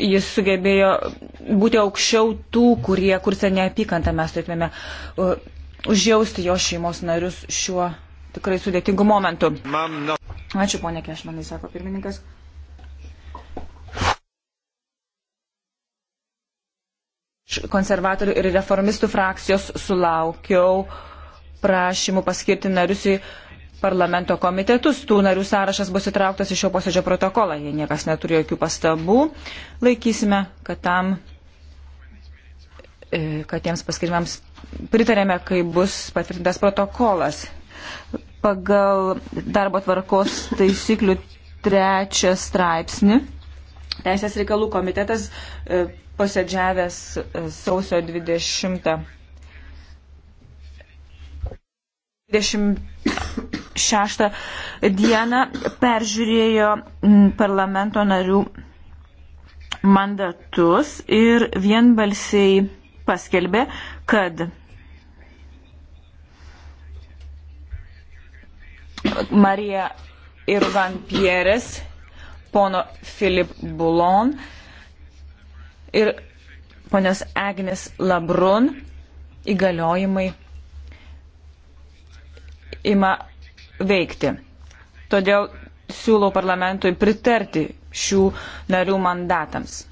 jis sugebėjo būti aukščiau tų, kurie kursė neapykantą. Mes turėtume e, užjausti jo šeimos narius šiuo tikrai sudėtingu momentu. Ačiū, ponė Kešmanai, sako pirmininkas. Konservatorių ir reformistų frakcijos sulaukiau prašymų paskirti narius į parlamento komitetus. Tų narių sąrašas bus įtrauktas į šio posėdžio protokolą. Jei niekas neturi jokių pastabų, laikysime, kad tam, e, kad tiems paskirimams pritarėme, kai bus patvirtintas protokolas. Pagal darbo tvarkos taisyklių trečią straipsnį Teisės reikalų komitetas e, posėdžiavęs e, sausio 20. 20 26 dieną peržiūrėjo mm, parlamento narių mandatus ir vienbalsiai paskelbė, kad Marija Irvan Pieres, pono Filip Bulon ir ponios Agnes Labrun įgaliojimai ima veikti. Todėl siūlau parlamentui pritarti šių narių mandatams.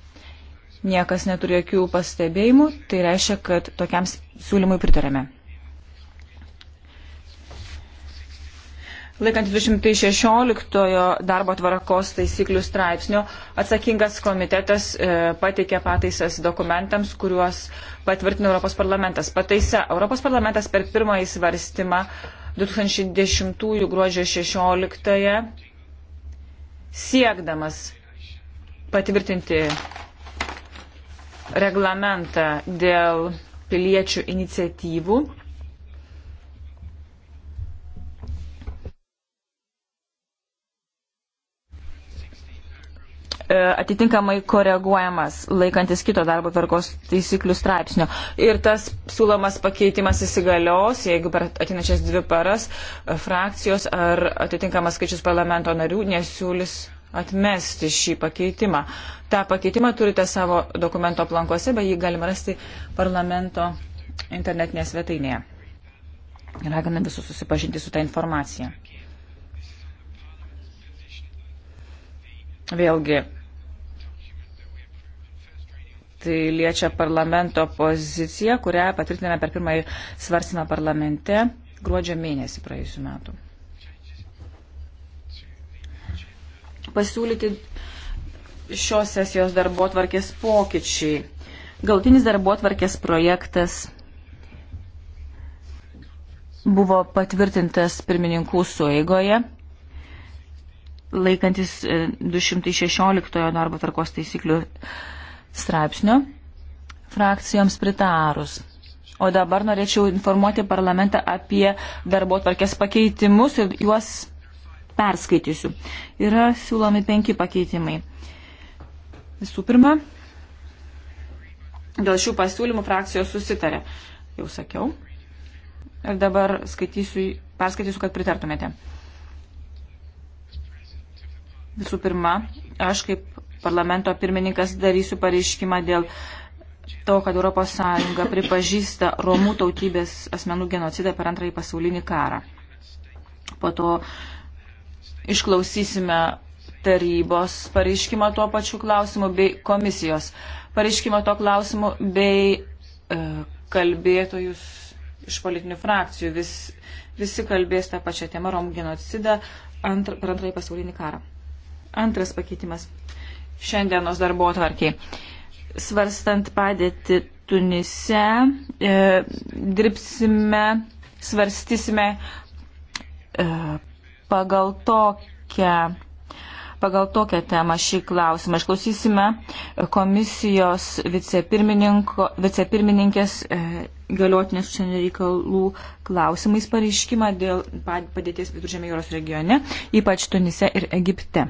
Niekas neturi jokių pastebėjimų, tai reiškia, kad tokiam siūlymui pritarėme. Laikant 216 darbo tvarkos taisyklių straipsnio, atsakingas komitetas e, pateikė pataisas dokumentams, kuriuos patvirtino Europos parlamentas. Pataisa Europos parlamentas per pirmąjį svarstymą e, 2010 gruodžio 16 siekdamas patvirtinti reglamentą dėl piliečių iniciatyvų E, atitinkamai koreguojamas, laikantis kito darbo tvarkos taisyklių straipsnio. Ir tas siūlomas pakeitimas įsigalios, jeigu per atinačias dvi paras e, frakcijos ar atitinkamas skaičius parlamento narių nesiūlis atmesti šį pakeitimą. Ta pakeitimą turite savo dokumento plankose, bet jį galima rasti parlamento internetinėje svetainėje. Ragina visus susipažinti su tą informacija. Vėlgi, Tai liečia parlamento poziciją, kurią patvirtiname per pirmąjį svarstymą parlamente gruodžio mėnesį praėjusiu metu. Pasiūlyti šios sesijos darbo tvarkės pokyčiai. Galtinis darbo tvarkės projektas buvo patvirtintas pirmininkų sueigoje, laikantis 216 e, darbo tvarkos taisyklių straipsnio frakcijoms pritarus. O dabar norėčiau informuoti parlamentą apie darbo tvarkės pakeitimus ir juos perskaitysiu. Yra siūlomi penki pakeitimai. Visų pirma, dėl šių pasiūlymų frakcijos susitarė. Jau sakiau. Ir dabar skaitysiu, perskaitysiu, kad pritartumėte. Visų pirma, aš kaip parlamento pirmininkas darysiu pareiškimą dėl to, kad ES pripažįsta Romų tautybės asmenų genocidą per antrąjį pasaulinį karą. Po to išklausysime tarybos pareiškimą tuo pačiu klausimu bei komisijos pareiškimą tuo klausimu bei e, kalbėtojus iš politinių frakcijų. Vis, visi kalbės tą pačią temą Romų genocidą antr, per antrąjį pasaulinį karą. Antras pakeitimas šiandienos darbo atvarkiai. Svarstant padėti Tunise, e, dirbsime, svarstysime e, pagal tokią pagal tokią temą šį klausimą. Išklausysime komisijos vicepirmininkės e, galiotinės užsienio reikalų klausimais pareiškimą dėl padėties Viduržėmė jūros regione, ypač Tunise ir Egipte.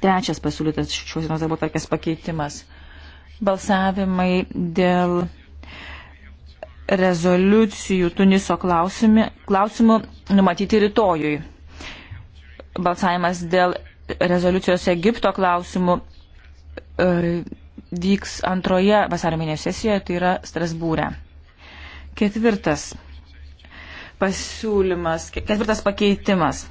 Trečias pasiūlytas šios dienos darbo tarkės pakeitimas. Balsavimai dėl rezoliucijų Tuniso klausimų, klausimų numatyti rytojui. Balsavimas dėl rezoliucijos Egipto klausimų e, vyks antroje vasario mėnesio sesijoje, tai yra Strasbūrė. Ketvirtas pasiūlymas, ketvirtas pakeitimas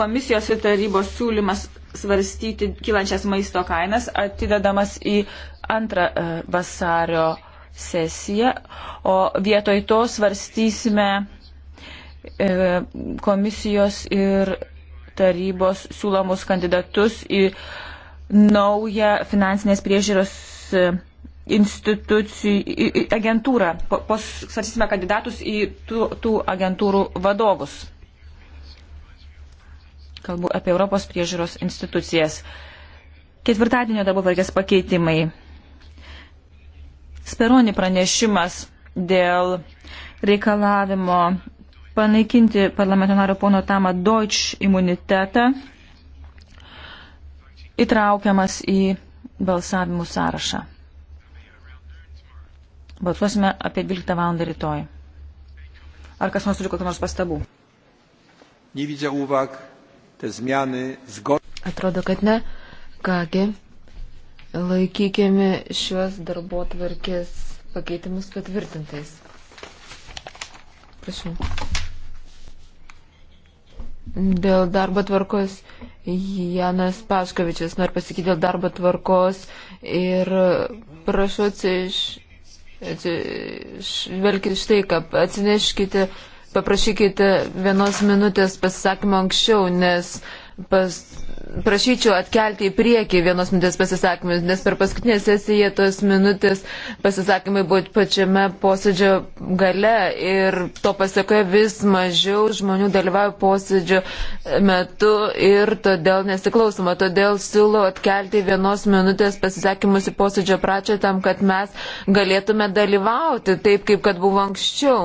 komisijos ir tarybos siūlymas svarstyti kylančias maisto kainas atidedamas į antrą e, vasario sesiją, o vietoj to svarstysime e, komisijos ir tarybos siūlomus kandidatus į naują finansinės priežiūros e, institucijų agentūrą. Svarstysime kandidatus į tų, tų agentūrų vadovus. Kalbu apie Europos priežiūros institucijas. Ketvirtadienio darbo vargės pakeitimai. Speroni pranešimas dėl reikalavimo panaikinti parlamentario pono Tama Deutsch imunitetą įtraukiamas į balsavimų sąrašą. Balsuosime apie 12 val. rytoj. Ar kas nors turi kokių nors pastabų? Nevidžia uvak te zmiany zgodnie. Atrodo, kad ne. Kągi, laikykime šiuos darbo tvarkės pakeitimus patvirtintais. Prašau. Dėl darbo tvarkos Janas Paškovičius nori pasakyti dėl darbo tvarkos ir prašau atsižvelgti iš, iš, štai, kad atsineškite paprašykite vienos minutės pasisakymą anksčiau, nes pas, prašyčiau atkelti į priekį vienos minutės pasisakymus, nes per paskutinę sesiją tos minutės pasisakymai buvo pačiame posėdžio gale ir to pasiekoje vis mažiau žmonių dalyvauja posėdžio metu ir todėl nesiklausoma. Todėl siūlau atkelti vienos minutės pasisakymus į posėdžio pradžią tam, kad mes galėtume dalyvauti taip, kaip kad buvo anksčiau.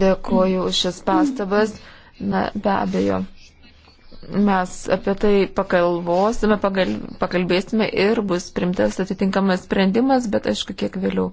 Dėkuoju už šias pastabas. Na, be abejo, mes apie tai pakalvosime, pagal, pakalbėsime ir bus primtas atitinkamas sprendimas, bet aišku, kiek vėliau.